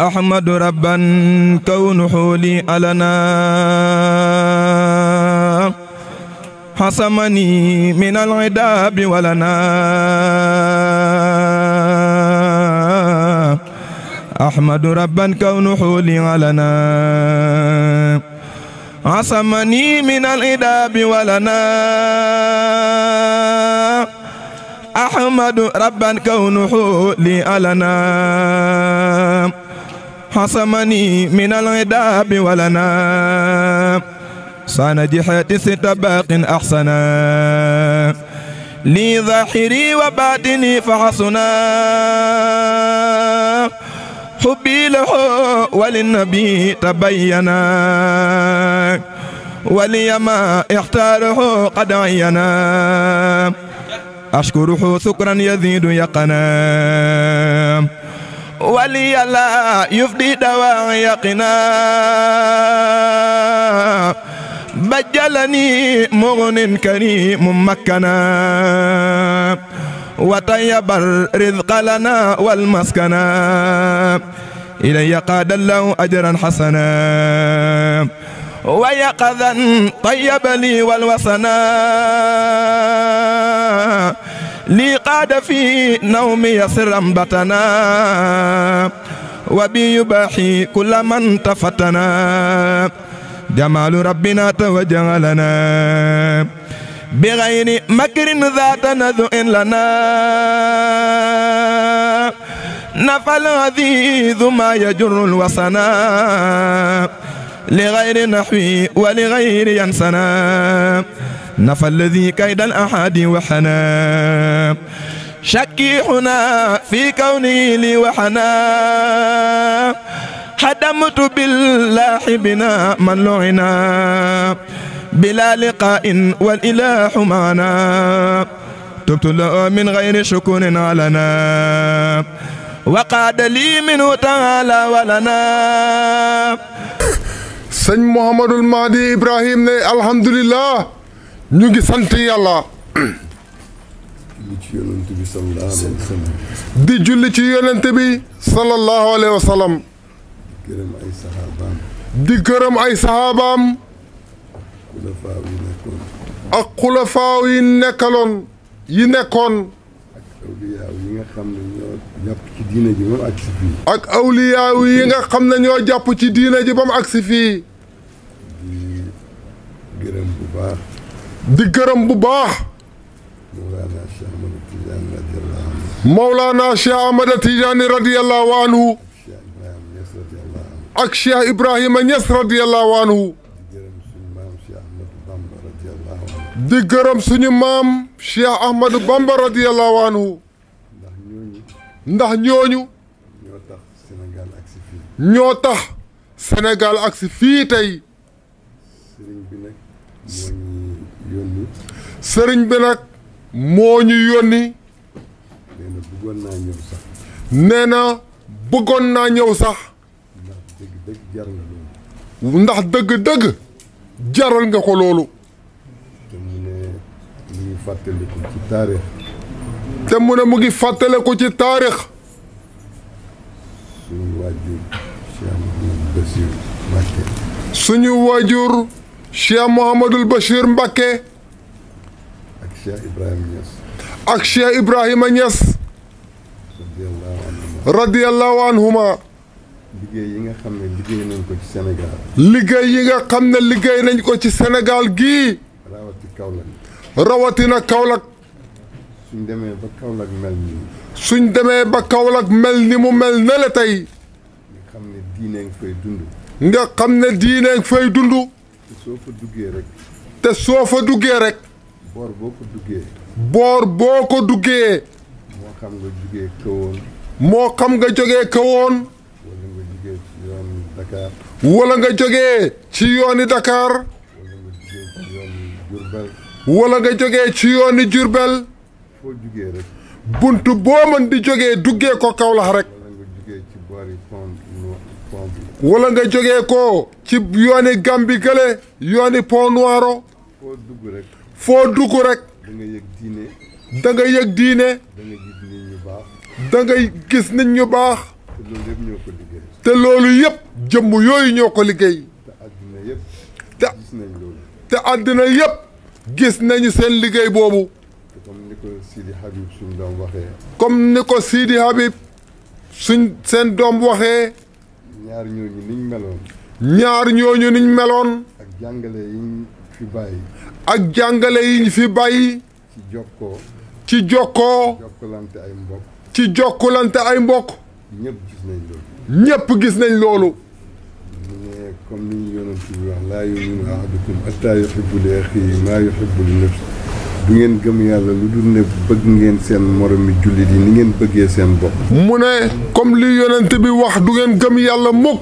أحمد ربا كون حولي ألنا حصمني من العذاب ولنا أحمد ربا كون حولي علنا عصمني من العذاب ولنا أحمد ربا كون حولي ألنا حصمني من العذاب ولنا صان جحاتس تباق أحسنا لي ظاهري وباطني فحسنا حبي له وللنبي تبينا وليما اختاره قد عينا أشكره شكرا يزيد يقنا ولي لا يفدي دواء يقنا بجلني مغن كريم مكنا وطيب الرزق لنا والمسكنا إلي قاد الله أجرا حسنا ويقظا طيب لي والوسنا لي قاد في نومي سرا بتنا وبي يباحي كل من تفتنا جمال ربنا توجعلنا بغير مكر ذات نذو لنا نفى العزيز ما يجر الوصنا لغير نحوي ولغير ينسنا نفى الذي كيد الأحد وحنا شكيحنا في كونه لي وحنا حدمت بالله بنا من لعنا بلا لقاء والإله معنا تبت له من غير شكر علنا وقعد لي منه تعالى ولنا سن محمد المهدي إبراهيم الحمد لله ñu ngi sant yàlla. di julli ci yonent bi sallallahu alayhi wa di julli gërëm ay saxaabaam. di gërëm ay saxaabaam. ak xulafaaw yi nekkaloon yi nekkoon. ak awliyaaw yi nga xam ne ñoo jàpp ci diina ji ba mu agsi fii. ak awliyaaw yi nga xam ne ñoo jàpp ci diina ji ba mu agsi fii. di gërëm bu baax Mawlana Cheikh Ahmada Tijaani radiyallahu anhu ak Cheikh Ibrahima Niass radiyallahu anhu di gërëm suñu maam Cheikh Ahmadou Bamba radiyallahu anhu ndax ñooñu ñoo tax Sénégal ak fii tey yónni. sëriñ bi nag moo ñu yónni. nee na bëggoon naa ñëw sax. bëggoon naa ñëw sax. ndax dëgg-dëgg jaral nga ko loolu. te mu ne mu ngi fàttaliku ko ci taarix. suñu waajur waajur. Cheikh Mouhamadul Bachir Mbacké. ak Cheikh Ibrahima Niass. ak Cheikh Ibrahima Niass. radiyallahu anhuma. liggéey yi nga xam ne liggéey nañ ko ci Sénégal. liggéey yi nga xam ne liggéey nañ ko ci Sénégal gi rawati Kaolack. rawatina Kaolack. suñ demee ba Kaolack mel nii. suñ demee ba Kaolack mel ni mu mel ne tey. nga xam ne diine nga fay soo duggee rek. te soo fa duggee rek. boor boo ko duggee. ko duggee. moo xam nga jógee kawoon. moo xam nga jógee kawoon. wala nga jógee ci yoonu Dakar. yooni Dakar. wala nga jógee ci wala nga jógee ci yooni Jurbel. foo jógee boo mën di jógee duggee ko Kawlax rek. wala nga jógee wala nga jóge ko ci yooni Gàmbi gële yooni Pont Noiro foo dugg rek foo dugg rek da yëg diine da nga yëg gis nit ñu baax da nga te loolu yëpp jëmm yooyu ñoo ko liggéey te àddina yëpp gis nañ nañu seen liggéey boobu comme ni ko Sidi Habib suñ doom waxee comme ni ko Sidi Habib suñ seen doom waxee ñaar ñooñu niñ meloon. ñaar ñooñu niñ meloon. ak jàngale yiñ fi bàyyi. ak jàngale yiñ fi bàyyi. ci jokkoo. ci jokkoo. jokkulante ay mbokk. ci jokkulante ay mbokk. ñëpp gis nañ loolu. ñëpp gis nañ loolu. mais comme ni ñu yonent bi wax laa yuminu ahadukum hattaa yuhibba li axiihi maa yuhibbu li nafsihi du ngeen gëm yàlla lu dul ne bëgg ngeen seen moromi jullit yi ni ngeen bëggee seen bopp. mu ne comme li yonent bi wax du ngeen gëm yàlla mukk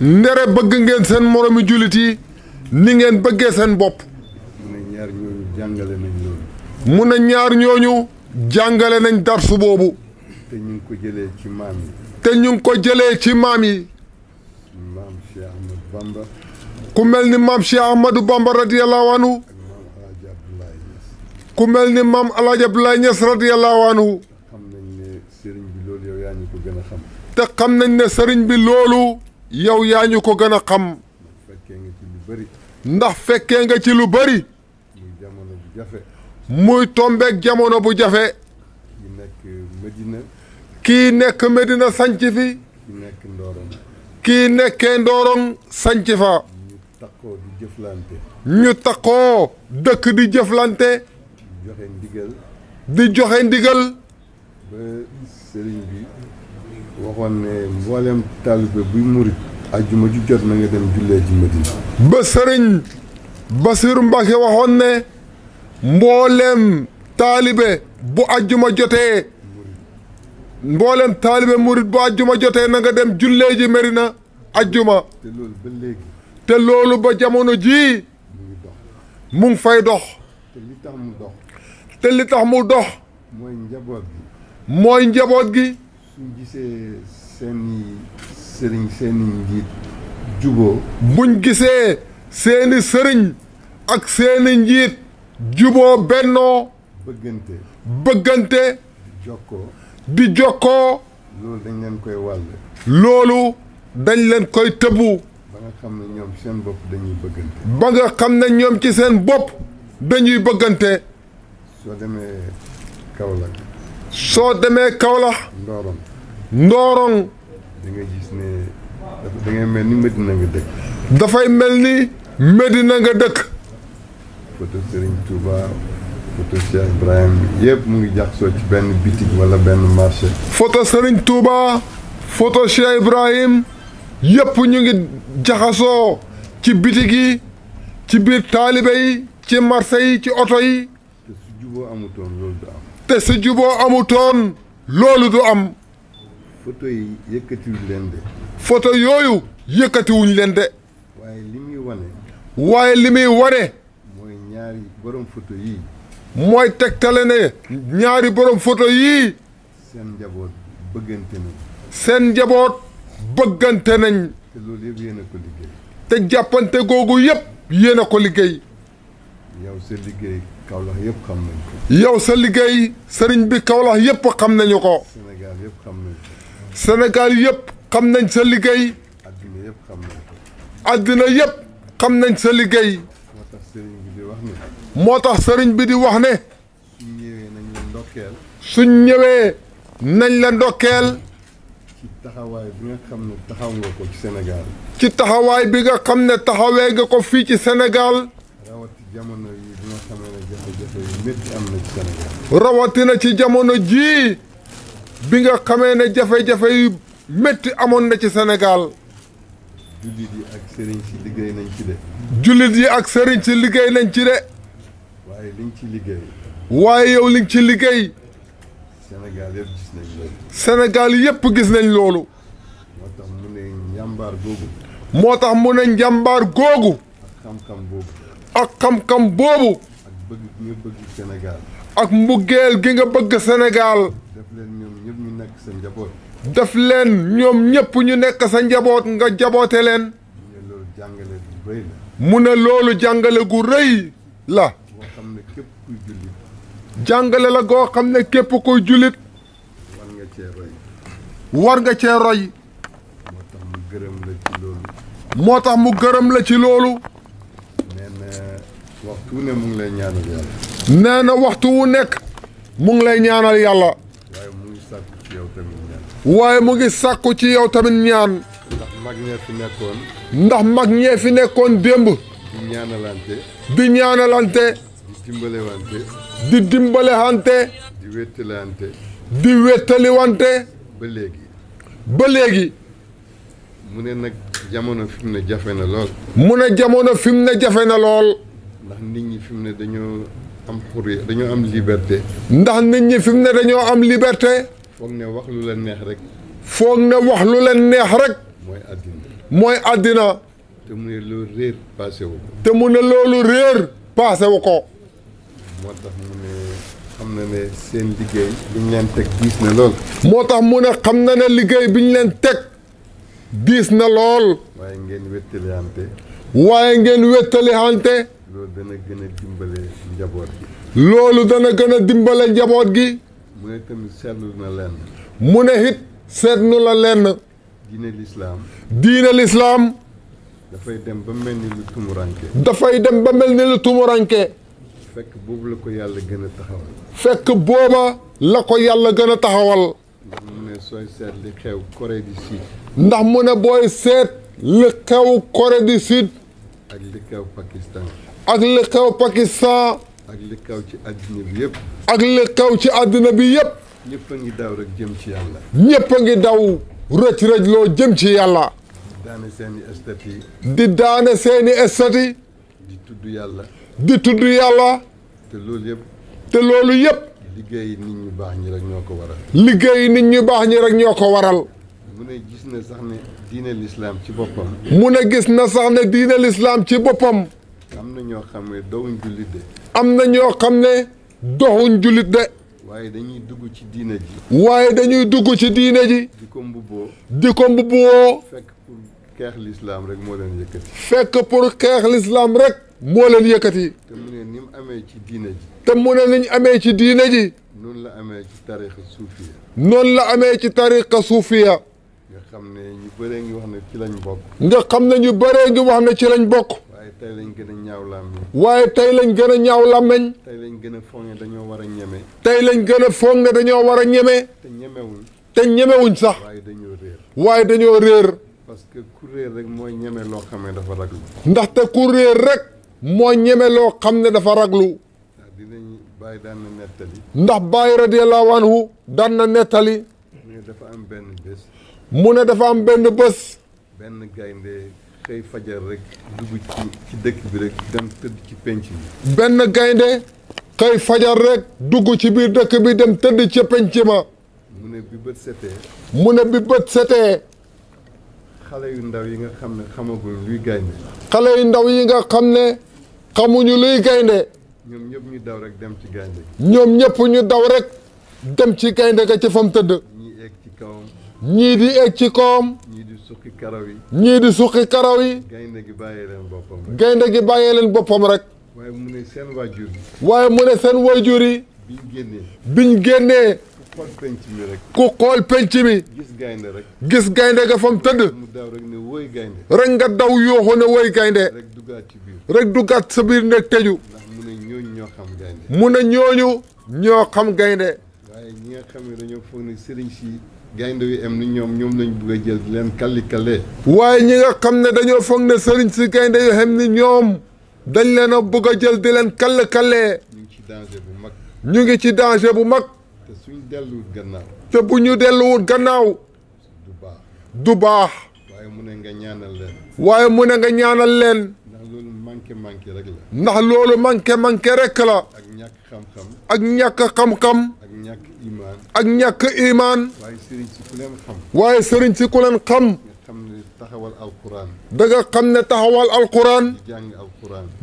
ndere bëgg ngeen seen moromi jullit yi ni ngeen bëggee seen bopp. mu ne ñaar ñooñu jàngale nañ loolu. mu ne ñaar ñooñu jàngale nañ darsu boobu. te ñu ngi ko jëlee ci maam yi. te ñu ngi ko jëlee ci maam yi. maam ku mel ni maam Cheikh Ahmadou Bamba radiyallahu ku mel ni maam El Hadj Abdoulaye Niass radiyallahu anhu te xam nañ ne sëriñ bi loolu yow yaa ñu ko gën a xam. ndax fekkee nga ci lu bari muy jamono bu jafe. muy tombeeg jamono bu jafe. kii nekk Medina. kii nekk Medina fi. kii nekk Ndorong. kii nekkee Ndorong sanc fa. ñu takkoo dëkk di jëflante. joxe ndigal. di joxe ndigal. ba sëriñ bi waxoon ne mboolem taalibe buy murit na nga dem jullee ji Madina. ba sëriñ Basiru waxoon ne mboolem taalibe bu ajjuma jotee. mboolem taalibe murit bu ajjuma jotee na nga dem jullee ji Madina ajjuma. te loolu ba te loolu ba jamono ji mu ngi fay dox. te li tax mu dox. te li tax mu dox. mooy njaboot gi. mooy njaboot gi. suñ gisee seeni sëriñ seeni buñ gisee seeni sëriñ ak seeni njiit juboo bennoo. bëggante. bëggante. di jokkoo. loolu dañ leen koy wàll. loolu dañ leen koy tëbbu. ba ñoom seen bopp dañuy ba nga xam ne ñoom ci seen bopp dañuy bëggante. soo demee Kaolack. soo demee Kaolack. Ndorong. Ndorong. da ngay gis ne da ngay mel ni Medina nga dëkk. dafay mel ni na nga dëkk. photo Serigne mu ngi jaxasoo ci benn bitig wala benn marché. photo Serigne Touba photo Cheikh Ibrahim yëpp ñu ngi jaxasoo ci bitig yi ci biir taalibe yi ci marché yi ci oto yi. juboo amutoon loolu du am. te su juboo amutoon loolu du am. photo yi yëkkatiwuñ yooyu yëkkatiwuñ leen de. waaye li muy wane. waaye li muy wane. mooy ñaari borom photo yii. mooy tegtale ne ñaari borom photo yii. seen njaboot bëggante nañ. seen njaboot bëggante nañ. te loolu yëpp yéen ko liggéey. te jàppante googu yëpp yéen ko liggéey. yow sa liggéey. Kaolack yëpp xam yow sa liggéey sëriñ bi Kaolack yëpp xam nañu ko. Sénégal yëpp xam nañ ko. Sénégal yëpp xam nañ sa liggéey. addina yëpp xam nañ xam nañ sa liggéey. moo tax sëriñ bi di wax ne. moo tax sëriñ bi di wax ne. suñ nañ la ndokkeel. suñ ñëwee nañ la ndokkeel. ci taxawaay bi nga xam ne taxaw nga ko ci senegal ci taxawaay bi nga xam ne taxawee nga ko fii ci Sénégal. rawatina ci jamono jii bi nga xamee ne jafe-jafe yu métti amoon na ci senegaal jullit yi ak sëriñ si liggéey nañ ci de. jullit yi ak sëriñ si liggéey nañ ci de. waaye liñ ci liggéey. waaye yow liñ ci liggéey. Sénégal yëpp gis nañ loolu. Sénégal yëpp gis nañ loolu. moo tax mu ne njàmbaar googu. moo tax mu ne njàmbaar googu. ak xam-xam ak xam-xam boobu. bëgg ak mbuggeel gi nga bëgg senegaal def leen ñoom ñëpp ñu nekk sa njaboot. def leen ñoom ñëpp ñu nekk sa njaboot nga jaboote leen. mu ne loolu jàngale gu rëy la. mu ne jàngale la. boo xam ne képp kuy jullit. jàngale la goo xam ne képp kuy jullit. nga cee war nga cee roy. moo tax mu gërëm la ci loolu. moo tax mu gërëm la ci loolu. ne mu ngi lay ñaanal nee na waxtu wu nekk mu ngi lay ñaanal yàlla. waaye mu ngi sàkku ci yow tamit ñaan. waaye mu ngi sàkku ci yow tamit ñaan. ndax mag ñee fi nekkoon. ndax mag ñee fi nekkoon démb. di ñaanalante. di ñaanalante. di dimbalewante. di dimbalewante. di di wéttaliwante. ba léegi. ba léegi. mu ne nag jamono fi mu ne jafe na lool. mu ne jamono fi mu ne jafe na lool. ndax nit ñi fi mu ne dañoo am xurri dañoo am liberté. ndax nit ñi fi mu ne dañoo am liberté. foog ne wax lu leen neex rek. foog ne wax lu leen neex rek. mooy àddina. mooy àddina. te mu ne loolu réer paase wu te mu ne loolu réer paase wu ko. moo tax mu ne xam na ne seen liggéey bi ñu leen teg diis na lool. moo tax mu ne xam na ne liggéey bi ñu leen teg diis na lool. waaye ngeen wéttalihante. waaye ngeen dana gën a dimbale njaboot gi. loolu dana gën a dimbale njaboot gi. mu ne tamit seetlu na lenn. mu ne it seetlu la lenn. diine lislaam. diine lislaam. dafay dem ba mel ni lu tumuranke. dafay dem ba mel ni lu tumuranke. fekk boobu la ko yàlla gën a taxawal. fekk booba la ko yàlla gën a taxawal. ndax mu ne xew Corée du Sud. booy seet li xew Corée du Sud. ak li xew Pakistan. ak li xew Pakistan. ak li xew ci àddina bi yëpp. ak li xew ci àddina bi yëpp. ñëpp a ngi daw rek jëm ci yàlla. ñëpp a ngi daw rëcc rëcc loo jëm ci yàlla. di daane seeni estat yi. di daane seeni estat di tudd yàlla. di tudd yàlla. te loolu yëpp. te loolu yëpp. liggéey nit ñu baax ñi rek ñoo ko waral. liggéey nit ñu baax ñi rek ñoo ko waral. mu ne gis na sax ne diine lislaam ci boppam. mu ne gis na sax ne diine lislaam ci boppam. am na ñoo xam ne doxuñ jullit de. am na ñoo xam ne doxuñ jullit de. waaye dañuy dugg ci diine ji. waaye dañuy dugg ci diine ji. di ko mbubboo. di ko mbubboo. fekk pour xeex lislaam rek moo leen yëkkati. fekk pour xeex lislaam rek. moo leen yëkkati. te mu ne ni mu amee ci diine ji. te mu ne ni ñu amee ci diine ji. noonu la amee ci tariqa suufiya. noonu la amee ci tariqa suufiya. xam ne ñu bëree ngi wax ne ci lañ bokk. nga xam ne ñu bëree ngi wax ne ci lañ bokk. waaye tey lañ gën a ñaaw làmmeñ. waaye tey lañ gën a ñaaw làmmeñ. lañ gën a foog dañoo war a ñeme. tey lañ gën a ne dañoo war a ñeme. te te ñemewuñ sax. waaye dañoo réer. waaye dañoo réer. parce que ku réer rek mooy ñeme loo xam ne dafa raglu. ndaxte ku réer rek. moo ñeme loo xam ne dafa raglu. dinañ bàyyi daan na nettali. ndax bàyyi radiyallahu anhu daan na nettali. ne dafa am benn bés. mu ne dafa am benn bés. benn gaynde xëy fajar rek dugg ci benn gaynde xëy fajar rek dugg ci biir dëkk bi dem tëdd ci penc ma. mu ne bi bët setee. mu ne bi bët setee. xale yu ndaw yi nga xam ne xamaguñ luy gaynde. xale yu ndaw yi nga xam ne xamuñu luy gaynde. ñoom ñëpp ñu daw rek dem ci gaynde. ñoom ñëpp ñu daw rek dem ci gaynde ga ci fam tëdd. ñii di egg ci koom. ñii di suqi karaw yi. ñii di suqi karaw yi. gaynde gi bàyyee leen boppam rek. gaynde gi bàyyee leen boppam rek. waaye mu ne seen waajur yi. waaye mu ne seen waajur yi. biñ génnee. génnee. ku xool penc mi xool penc mi. gis gaynde rek. gis gaynde ga fa mu tëdd. mu daw rek ne woy rek nga daw yooxu ne woy gaynde. rek du ci biir. rek duggaat sa biir nekk tëju. mu ne ñooñu ñoo xam gaynde. mu ne ñooñu ñoo xam gaynde. waaye ñi nga xam ne dañoo foog si. gaynde yu am ni ñoom ñoom lañ bëgg a jël di leen kallikale waaye ñi nga xam ne dañoo foog ne sëriñ si gaynde yu am ni ñoom dañ leen a bëgg a jël di leen kallikale ñu ngi ci danger bu mag ñu ngi ci danger bu mag te suñ delluwut gannaaw te bu ñu delluwut gannaaw du baax du baax waaye mu ne nga ñaanal leen waaye mu ne nga ñaanal leen ndax loolu manqué manqué rek la ndax loolu manqué manqué rek la ak ñàkk xam ak ñàkk xam-xam ak ñàkk imaan waaye sëriñ si ku leen xam waaye sëriñ xam xam ne taxawal alquran da nga xam ne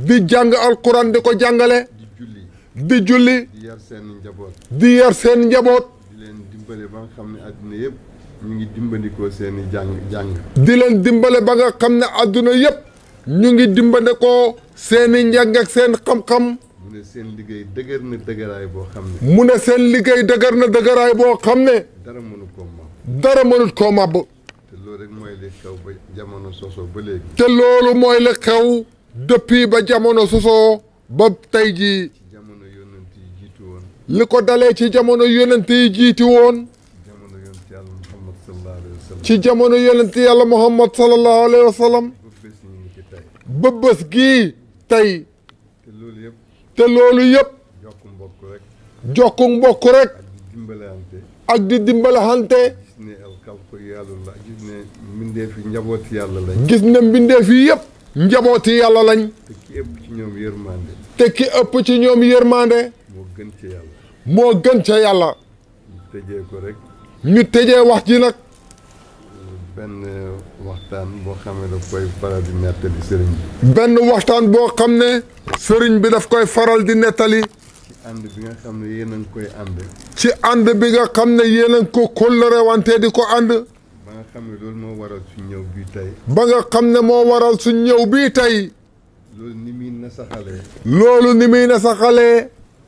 di jàng alquran di di ko jàngale di julli di yar seen njaboot di yar seen njaboot leen dimbale ba nga xam ne àdduna yëpp ñu ngi dimbandikoo seen jàng di leen dimbale ba nga xam ne àdduna yëpp ñu ngi dimbandikoo seen i njàng ak seen xam-xam mu ne seen liggéey dëgër na dëgëraay boo xam ne. mu ne seen liggéey dëgër na dëgëraay boo xam ne. dara mënut koo màbb. dara mënut koo màbb. te loolu rek mooy li xew ba jamono sosoo ba léegi. te loolu mooy li xew depuis ba jamono sosoo ba tey jii. jamono yonent yi jiitu woon. li ko dalee ci jamono yonent yi jiitu woon. ci jamono yonent yàlla muhammad sallallahu alayhi wa sallam ba bés gii tey te loolu yëpp te yëpp. jokku mbokk rek. mbokk rek. ak di dimbalante. ak di dimbalante. gis ne alxalqu yàlla la gis ne mbindeef yi njabooti yàlla lañ. gis yi yàlla lañ. te ëpp ci ñoom yërmande. moo gën ca yàlla. gën ca yàlla. ñu tëjee wax ji nag. waxtaan boo xam ne daf koy faral di nettali sëriñ bi. benn waxtaan boo xam ne. sëriñ bi daf koy faral di nettali. ci ànd bi nga xam ne yéen a koy ànd. ci ànd bi nga xam ne yéen a ngi ko kóllëre wante di ko ànd. ba nga xam ne loolu moo waral suñ ñëw bii tey. ba nga xam ne moo waral suñ ñëw bii tey. loolu ni muy nasaxalee. loolu ni muy nasaxalee.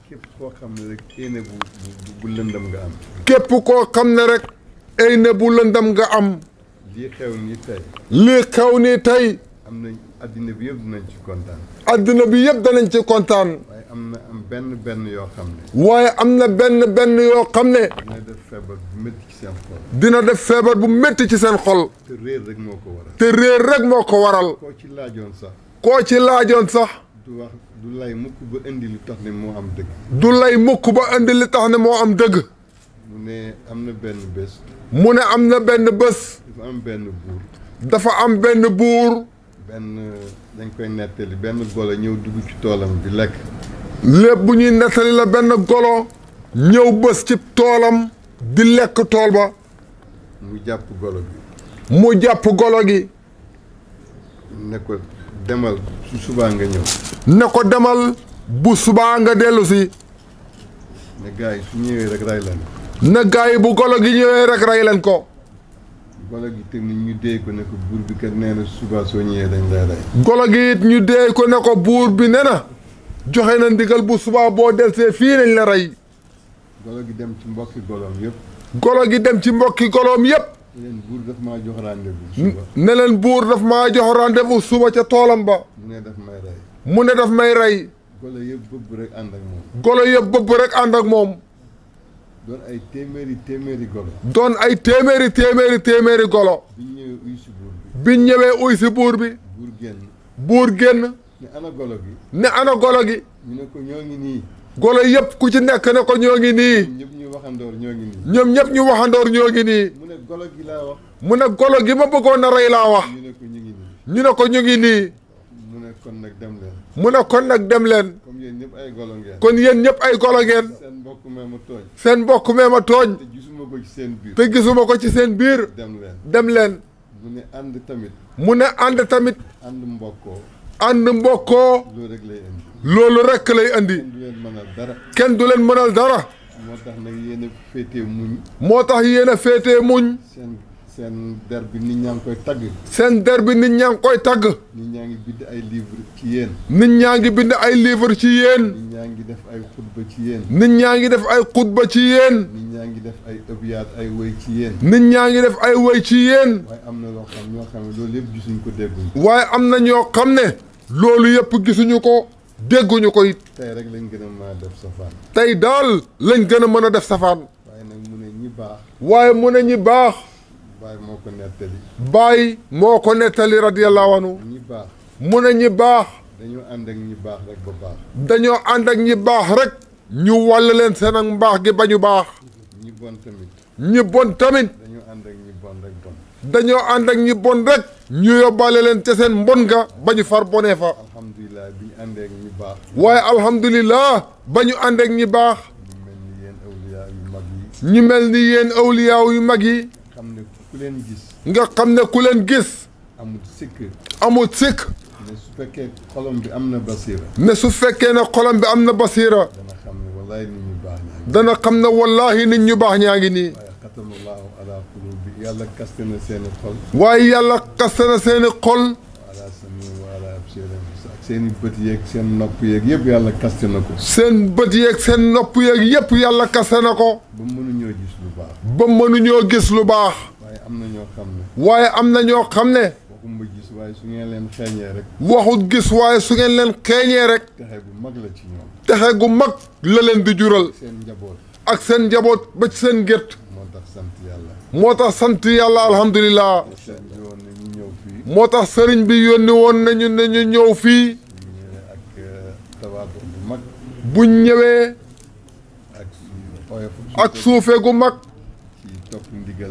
képp koo xam ne rek yéene képp koo xam ne rek. ay bu lëndam nga am lii xew nii tey. lii xew nii tey. am na addina bi yëpp danañ ci kontaan. addina bi yëpp danañ ci kontaan. waaye am na am benn benn yoo xam ne. waaye am na benn benn yoo xam ne. dina def feebar bu métti ci seen xol. dina def feebar bu métti ci seen xol. te réer rek moo ko waral. te réer rek moo ko waral. koo ci laajoon sax. koo ci laajoon sax. du du lay mukk ba indi li tax ne moo am dëgg. du lay mukk ba indi li tax ne moo am dëgg. mu ne am na benn bés. mu ne am na benn bés. dafa am benn buur. dafa am benn buur. benn dañ koy nettali benn golo ñëw dugg ci toolam di lekk. lépp bu ñuy nettali la benn golo. ñëw bés ci toolam. di lekk tool ba. mu jàpp golo gi. mu jàpp golo gi. ne ko demal ne ko demal bu subaa nga dellu si. ne yi su ñëwee rek ray na gars yi bu golo gi ñëwee rek rey leen ko. golo gi tamit ñu dee ko ne nee na suba soo dañ lay golo gi ñu dee ko ne ko buur bi nee na joxe na ndigal bu subaa boo delsee fii nañ la rey. golo gi dem ci mbokki goloom yëpp. golo gi dem ci mbokki goloom yëpp. ne leen buur daf maa jox rendez-vous suba. daf maa jox rendez suba ca toolam ba. mu ne daf may rey. mu may rey. golo yëpp bëbb rek rek ànd ak moom. doon ay téeméeri téeméeri golo. doon ay téeméeri téeméeri téeméeri golo. ñëwee uy si buur bi. biñ ñëwee uy buur bi. buur génn. buur génn. ne ana golo gi. ne ana golo gi. ñu ne ñoo ngi nii. golo yëpp ku ci nekk ne ko ñoo ngi nii. ñoom ñëpp ñu waxandoor ñoo ngi nii. ñoom ñëpp ñu waxandoor ñoo ngi mu ne golo gi laa wax. mu ne golo gi ma bëggoon a rey laa wax. ñu ne ko ñu ngi nii. ñu ne ko ñu ngi nii. mu ne kon nag dem mu ne kon nag dem leen. kon yéen ñëpp ay golo ngeen. kon yéen ñëpp mbokk mee ma seen mbokk mee ma tooñ. te gisuma ko ci seen biir. te gisuma ko ci seen biir. dem dem leen. mu ne ànd tamit. mu ne ànd tamit. ànd mbokkoo. ànd mbokkoo. loolu rek lay indi. loolu rek kenn du leen mënal dara. kenn moo tax nag yéen a féetee muñ. moo tax yéen a féete muñ. seen seen der bi nit ñaa ngi koy tagg. seen der bi nit ñaa ngi koy tagg. nit ñaa ngi bind ay livre ci yéen. nit ñaa ngi bind ay livre ci yéen. ñaa ngi def ay xutba ci yéen. nit ñaa ngi def ay xutba ci yéen. nit ñaa ngi def ay ëbyaat ay woy ci yéen. nit ñaa ngi def ay woy ci yéen. waaye am na loo xam ñoo xam ne loolu yëpp gisuñu ko dégguñu. waaye am na ñoo xam ne. loolu yëpp gisuñu ko dégguñu ko it. tey rek lañ gën a mën a def safaan. tey daal lañ gën a mën a def safaan. waaye nag mu ne ñi baax. waaye mu ne ñi baax. baay moo ko nettali. baay moo ko nettali radiyallahu anhu. ñi baax mu ne ñi baax. dañoo ànd ak ñi baax rek ba dañoo ànd ak ñi baax rek. ñu wàll leen seen ak mbaax gi ba ñu baax. ñi bon tamit. ñi bon tamit. dañoo ànd ak ñi bon rek bon. dañoo ànd ak ñi bon rek. ñu yóbbaale leen ca seen mbon ga ba ñu far bonee fa. alhamdulilah bi ñu ànd ak ñi baax. waaye alhamdulilah ba ñu ànd ak ñi baax. ñu mel ni yéen awliyaaw yu mag yi. ku nga xam ne ku leen gis. amul sikk. amul sikk. ne su fekkee xolom bi am na basiira. ne su fekkee ne xolom bi am na basiira. dana xam ne wallaahi nit ñu baax ñaa ngi. dana xam ne wallaahi nit ñu baax ñaa ngi nii. xatamallaahu ala qulubi yàlla kaste na seeni xol. waaye yàlla kaste na seeni xol. seen bët yeeg seen nopp yeeg yëpp yàlla kaste na ko. seen bët yeeg seen nopp yeeg yëpp yàlla kaste na ko. ba mënuñoo gis lu baax. ba mënuñoo gis lu baax. am na ñoo xam ne. waaye am na ñoo xam ne. waxut ma gis waaye su ngeen leen xeeñee rek. waxut gis waaye su ngeen leen xeeñee rek. texe gu mag la ci ñoom. texe gu mag la leen di jural. seen njaboot. ak seen njaboot ba ci seen gétt. moo tax sant yàlla. moo tax sant yàlla alhamdulilah. moo tax sëriñ bi yónni woon nañu ne ñu ñëw fii. buñ ñëwee. ak euh, suufee gu mag. ci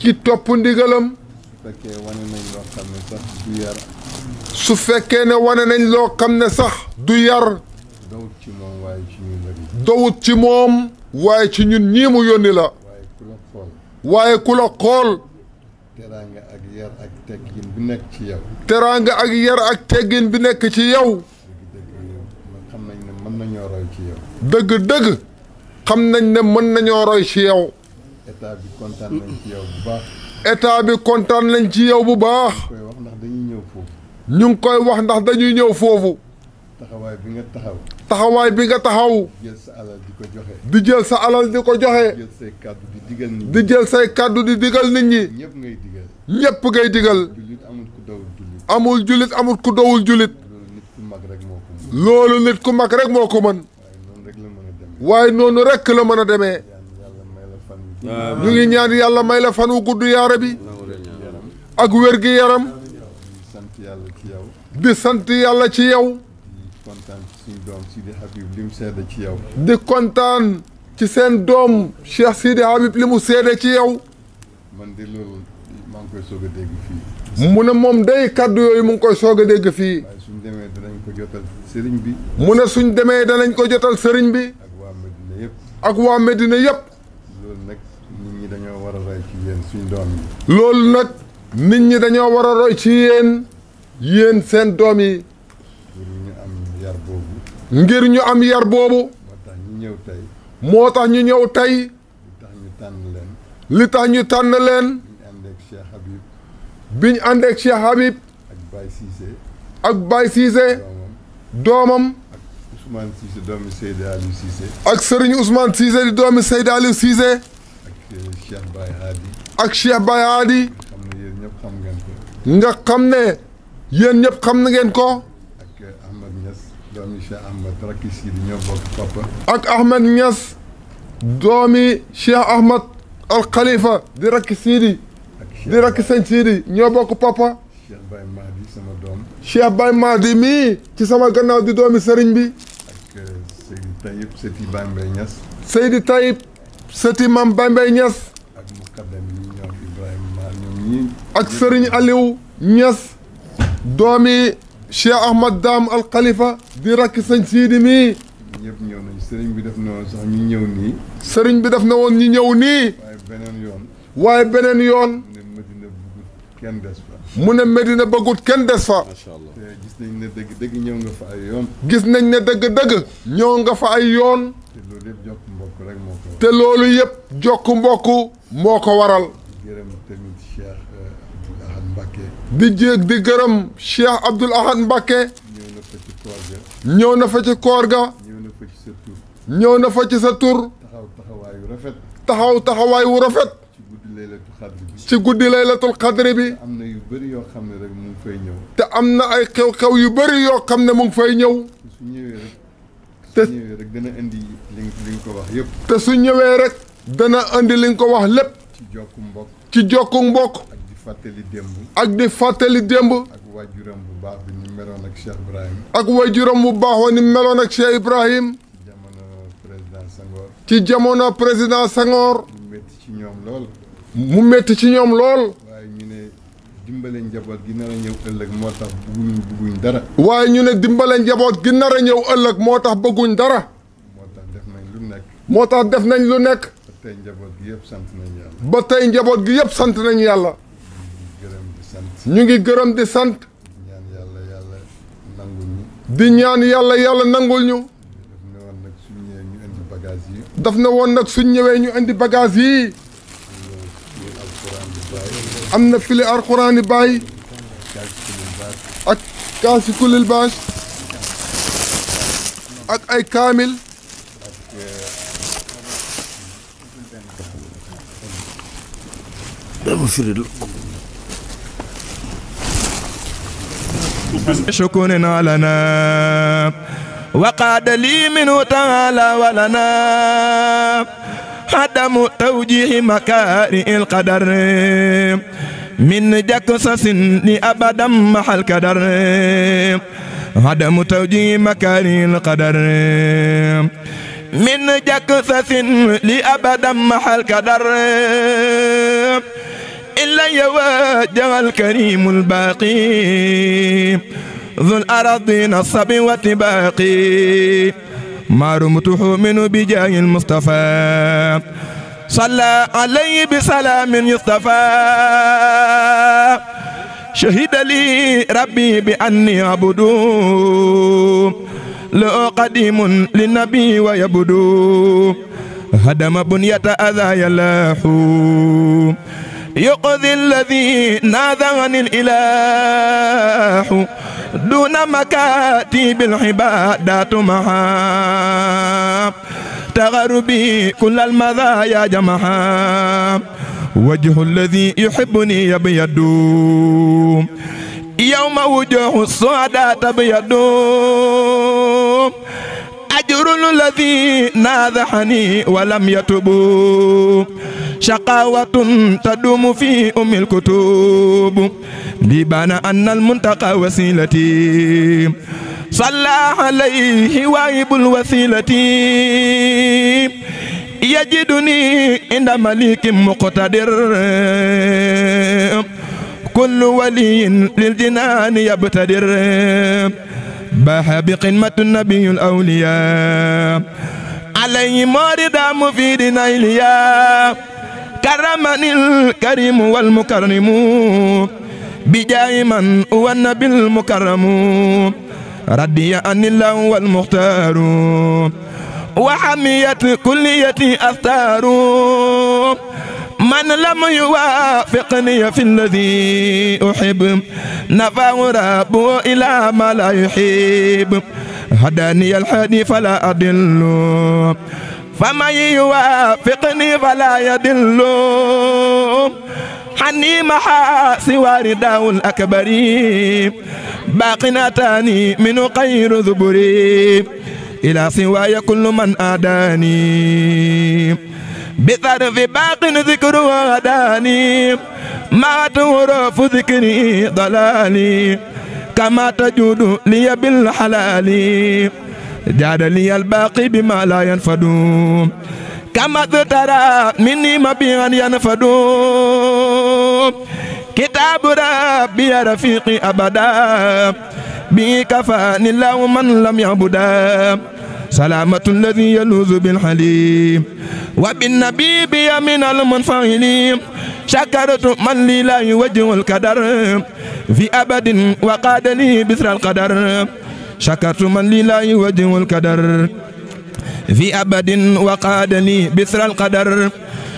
ci topp ndigalam. su fekkee wane nañ loo xam ne sax su fekkee ne wane nañ loo xam ne sax du yar. dawut ci moom waaye ci ñun la. dawut mu yónni la. waaye ku la xool. waaye ku la xool. teraanga ak ak teggin bi nekk ci yow. ak yar ak teggin bi nekk ci yow. dëgg-dëgg xam nañ ne mën nañoo roy ci yow. xam nañ ne mën nañoo ci yow. état bi kontaan nañ ci yow bu baax. kontaan nañ ci yow bu baax. ñu koy ñëw foofu. ñu ngi koy wax ndax dañuy ñëw foofu. taxawaay bi nga taxaw. taxawaay bi nga taxaw. di jël sa alal di ko joxe. di jël sa alal di ko joxe. di jël say kàddu di digal nit ñi. di jël say kàddu di digal nit ñi. ñëpp ngay digal. ngay digal. amul ku jullit. amul jullit amul ku dowul jullit. loolu nit ku mag rek moo ko mën. waaye noonu rek la mën a demee. waaye noonu rek la mën a demee. ñu ngi ñaan yàlla may la fan wu gudd yaa rabbi ak wér gi yaram di sant yàlla ci yow di kontaan ci seen doom si Sidi Habib li mu seede ci yow man de loolu maa ngi koy soog a dégg fii mu ne moom day kàddu yooyu mu ngi koy soog a dégg fii suñ demee danañ ko jotal sëriñ bi mu ne suñ demee danañ ko jotal sëriñ bi ak waa Medina yëpp yëpp yéen suñu doom loolu nag nit ñi dañoo war a roy ci yéen yéen seen doom yi. ngir ñu am yar boobu. ngir ñu am yar boobu. moo tax ñu ñëw tey. li tax ñu tànn leen. li tax ñu tànn leen. biñ àndeeg Cheikh Habib. biñ àndeeg Cheikh Habib. ak Baye Cissé. ak Baye Cissé. doomam. Ousmane Cissé doomi Seydi Aliou Cissé. ak Serigne Ousmane Cissé di doomi Seydi Aliou Cheikh Baye Hadi. ak Cheikh Baye Hadi. nga xam ne yéen ñëpp xam na ngeen ko. ak Ahmed Niass doomi Cheikh Ahmed rakki Sidi ñoo bokk papa. ak Ahmed Niass doomi Cheikh Ahmed al di rakki Sidi. di rakki sëñ Sidi bokk papa. Cheikh Baye Mahdi sama doom. Cheikh Baye Mahdi mii ci sama gannaaw di doomi sëriñ bi. ak euh, Seydi Taïb sëti Baye Mbaye Niass. ak sëriñ Aliou ñas doomi Cheikh Ahmad daam al Khalifa di rakk sëñ Siidi mii ñëpp ñëw sëriñ bi def na woon sax ñu ñëw nii sëriñ bi def na woon ñu ñëw nii beneen yoon waaye beneen yoon kenn des fa. mu ne Medina bëggut kenn des fa. macha allah gis nañ ne dëgg dëgg ñëw nga fa ay yoon. gis nañ ne dëgg ñëw nga fa yoon. te loolu yëpp jokk mbokk moo ko waral. Euh, di jéeg di gërëm Cheikh Abdoul Ahad Mbacké. ñëw na fa ci koor ga. ñëw na fa ci koor ga. ñëw na fa ci sa tur. ñëw na fa taxaw taxawaay wu rafet. taxaw taxawaay rafet. ci guddi laylatul xadri bi. ci xadri bi. am na yu bëri yoo xam ne rek mu ngi fay ñëw. te am na ay xew-xew yu bëri yoo xam ne mu ngi fay ñëw. te su rek. te su indi. li ko wax yëpp. te su ñëwee rek dana andi li nga ko wax lépp. ci jokku mbokk. ci jokku mbokk. ak di fàttali démb. ak di fàttali démb. ak waajuram bu baax bi ni meloon ak Cheikh Ibrahim. ak waajuram bu baax wa ni meloon ak Cheikh Ibrahim. ci jamono président sangoor ci jamono président Senghor. mu métti ci ñoom lool. mu métti ci ñoom lool. waaye ñu ne dimbale njaboot gi nar a ñëw ëllëg moo tax bëgguñ dara. waaye ñu ne dimbale njaboot gi nar a ñëw ëllëg moo tax bëgguñ dara. moo tax def nañ lu nekk. ba tey njaboot gi yëpp sant nañ yàlla. ba tey njaboot gi yëpp sant nañ yàlla. ñu ngi gërëm di sant. di ñaan yàlla yàlla nangul ñu. daf na woon nag suñ ñëwee ñu indi bagage yii. am na fili alxuraani bàyyi. ak kaasi kulil baas. ak ay kaamil. dama firil شكر علنا وقعد لي منه تعالى ولنا عدم توجيه مكارئ القدر من جكسس لأبدا مع الكدر عدم توجيه مكارئ القدر من جكسس لأبدا مع الكدر جاء الكريم الباقي ذو الأراضين الصب والتباقي ما رمت حومن بجاه المصطفى صلى عليه بسلام يصطفى شهد لي ربي بأني عبدو لو قديم للنبي ويبدو هدم بنية أذى يلاحو يقضي الذي نادعني الإله دون مكاتب العبادات معا تغربي كل المذايا جمعا وجه الذي يحبني يبيض يوم وجوه السعداء تبيض أجر الذي ناذحني ولم يتبوا شقاوة تدوم في أم الكتب لبان أن المنتقى وسيلتي صلى عليه واهب الوسيلة يجدني عند مليك مقتدر كل ولي للجنان يبتدر baaxa bi xidmatu nabiyul awliyaa alayhi morida mufiidi nayliyaa karamanil karimu wal mukarrimu bi jaayi man wa nabil mukarramu radiya anillahu wal muxtaaru wa xamiyat kulliyati astaaru man lam yuwaafiqni fi alladi uhib nafahu rabbu ila ma la yuhib hadani alhadi fala adillu faman yuwaafiqni fala yadillu hani maha siwari dawul akbari baqinatani min khayri dhuburi ila siwaya kullu man adani بثار في باق ذكر وهداني ما تورف ذكري ضلالي كما تجود لي بالحلال جاد لي الباقي بما لا ينفد كما ترى مني مبيعا ينفد كتاب ربي يا رفيقي أبدا بي كفاني الله من لم يعبدا salaamatu alladi yaluuzu bil xaliim wa bin nabi bi yamin al munfaxiliim shakartu man lii laa yuwajjihul kadar fi abadin wa qaada lii bisral qadar shakartu man lii laa yuwajjihul kadar fi abadin wa qaada lii bisral qadar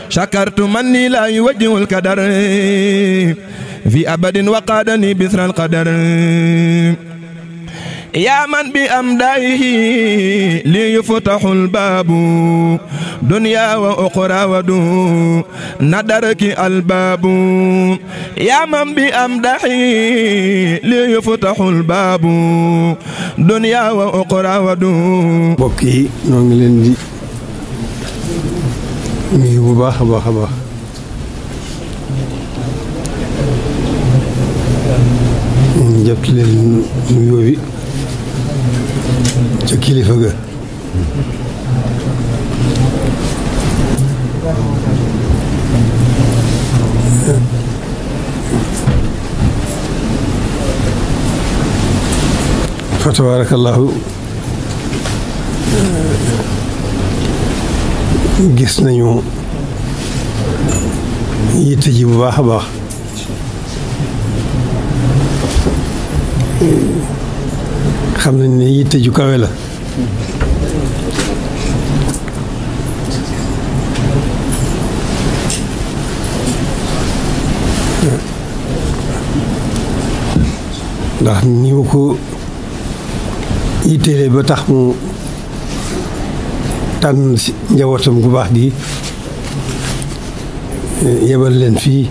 shakartu man lii laa yuwajjihul kadar fi abadin wa qaada lii bisral qadar yaa man bi am daayihi li yuftaxul baabu dunya wa uxra wa du nadaraki albaabu yaa man bi am daayihi li yuftaxul baabu dunya wa uxra wa du mbokk yi ñoo ngi leen di nuyu bu baax a baax a baax jot leen nuyoo bi ca kilifa ga fa tabarakallahu gis nañu yitte ji bu baax a baax xam nañ ne yitte ju kawe la ndax ni ma ko yitteele ba tax mu tànn njabootam gu baax gi yebal leen fii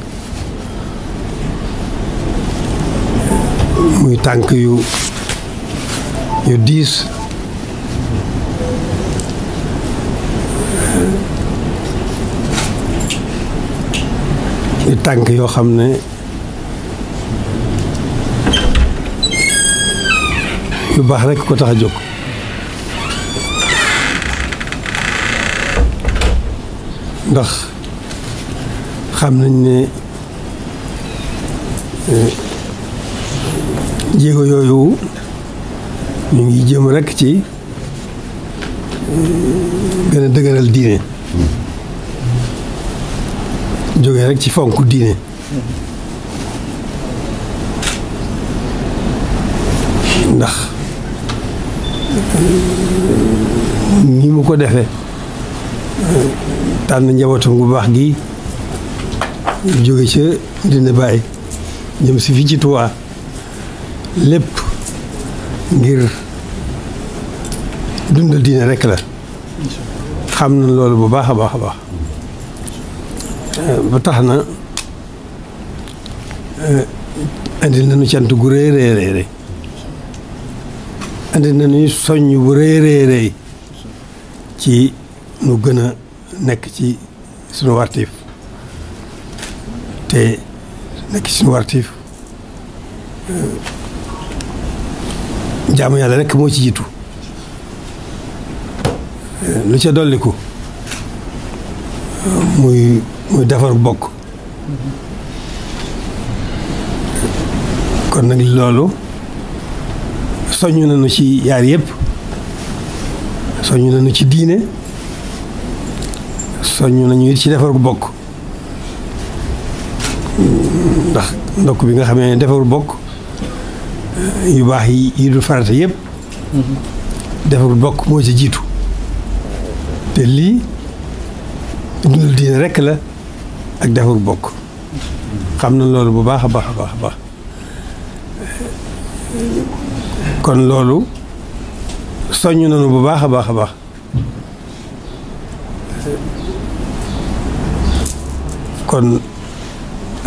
muy tànk yu yu diis yu tànk yoo xam ne yu baax rekk ko tax a jóg ndax xam nañ ne eh, jéego yooyu ñu ngi jëm rekk ci euh, gën a dëgëral diine jóge rekk ci fonk diine ndax euh, ni mu ko defe tànn njabootam bu baax gi jóge ca dina bàyyi jëm si fi ci Tuubaa lépp ngir dundal diine rek la xam na loolu bu baax a baax a baax ba tax na indi eh, nu cant gu rëy rëy rëy indi nañuy soññ bu rëy rëy ci nu gën a nekk ci sunu wartiif te nekk ci suñu wartiif eh, jaamu yàlla rek moo ci jiitu lu ca dolliku muy muy defar bokk kon nag loolu soñu nañu ci yaar yëpp soñu nañu ci diine soñu nañu it ci defaru bokk ndax ndokk bi nga xamee ne defaru bokk yu baax yi yi dul farata yëpp mm-hmm. defaru bokk moo ci jiitu te lii dundal diine rekk la ak defar bokk xam na loolu bu baax a baax a baax a baax kon loolu soññ nañu bu baax a baax a baax kon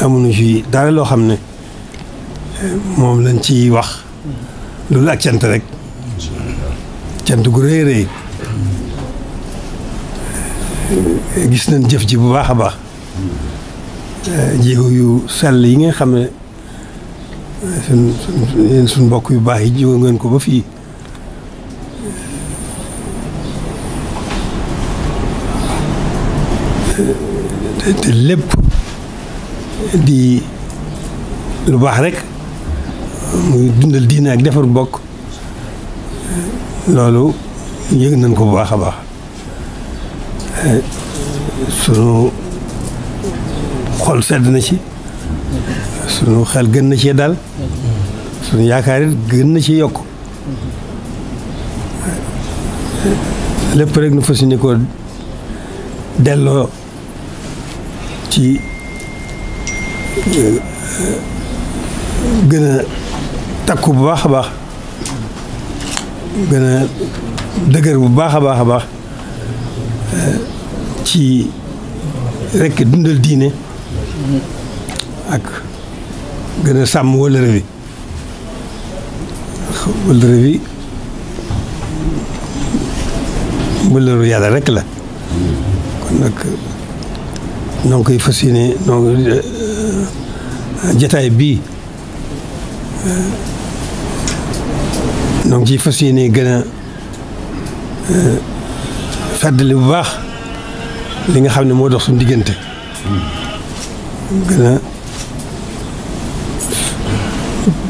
amuñu ci daal loo xam ne moom lañ ci wax loolu ak cant rek cant gu rëy rëy gis nan jëf ji bu baax a baax jéego yu sell yi nga xam ne suñ suñ suñ mbokk yu baax yi jóge ngeen ko ba fii te lépp di lu baax rek muy dundal diine ak defar bokk loolu yëg nan ko bu baax a baax sunu xol sedd na ci sunu xel gën na ci daal sunu yaakaar it gën na ci yokk lépp rek nu fas ni ko delloo ci gën a takku bu baax a baax gën a dëgër bu baax a baax a baax ci rekk dundal diine ak gën a sàmm wëllëre bi wëllëre bi wëllëru yàlla rekk la kon koy fas yéene noo euh, jataay bii euh, noo ngi ciy fas yéene gën a euh, fàddali bu baax li nga xam ne moo dox suñu diggante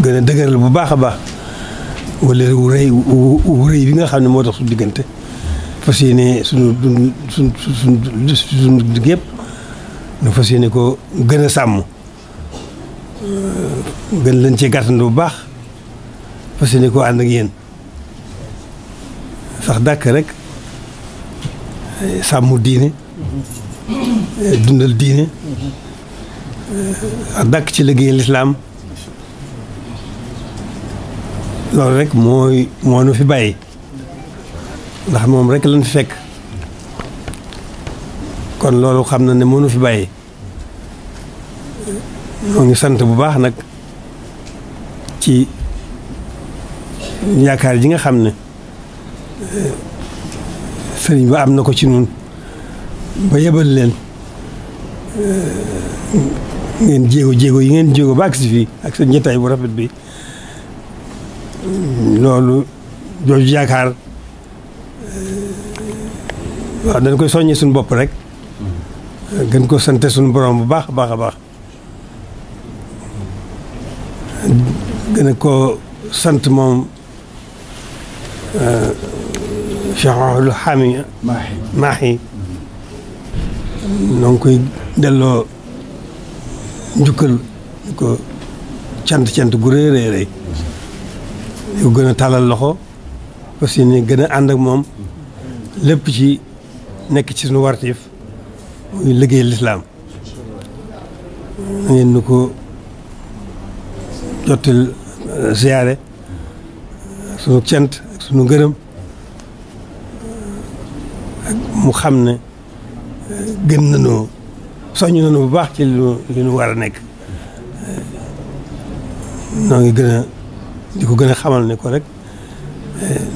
gën a gën bu baax a baax wala wu rëy wu rëy bi nga xam ne moo dox suñu diggante fas yéene suñu digg yëpp nu fas yéene ko gën a sàmm euh, gën leen cee gàttandu bu baax fas yéene ko ànd ak yéen sax dàkk rek sàmm diine Euh, dundal diine euh, ak dàkk ci liggéey lislaam loolu rekk mooy moo nu fi bàyyi ndax moom rekk lañ fi fekk kon loolu xam na ne moo fi bàyyi moo ngi sant bu baax nag ci yaakaar ji nga xam ne euh, sëriñ ba am na ko ci nun ba yebal leen eh, ngeen jéego jéego yi ngeen jéego ba agsi fii ak seen njëtaay bu rafet bi hmm, loolu jooju yaakaar eh, waaw dañ koy soññee suñ bopp rek gën ko sante suñu borom bu baax a baax a baax gën a ko sant moom eh, Cheikh Ahmadul Xaami Maahi noo koy delloo njukkal ko cant cant gu rëy rëy rëy yu gën a tàllal loxo parce que ni gën a ànd ak moom lépp ci nekk ci suñu wartiif muy liggéey lislaam na ngeen nu ko jottil euh, ziyaare sunu cant sunu gërëm ak mu xam ne gën nañu soññ nañu bu baax ci lu nu li war a nekk noo ngi gën a di ko gën a xamal ne ko rek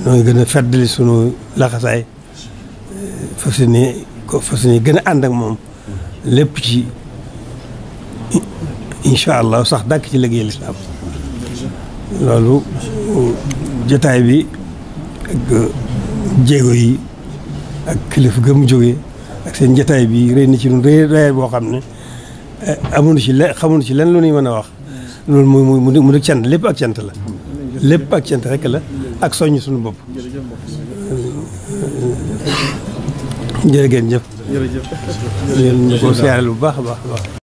noo ngi gën a feddali sunu laxasaay fas yéene ko fas yéene gën a ànd ak moom lépp ci incha allah sax dàkk ci liggéey lislaam loolu jotaay bi ak jéego yi ak kilifa gëm jógee ak seen jataay bi rëy na ci ñun rëy rëyaay boo xam ne amuñu ci le xamuñu ci lenn lu ñuy mën a wax loolu muy muy mu di cant lépp ak cant la lépp ak cant rek la ak soññ suñu bopp jërëgeen jëf jërëjëf ñu ko siyaare bu baax a baax a baax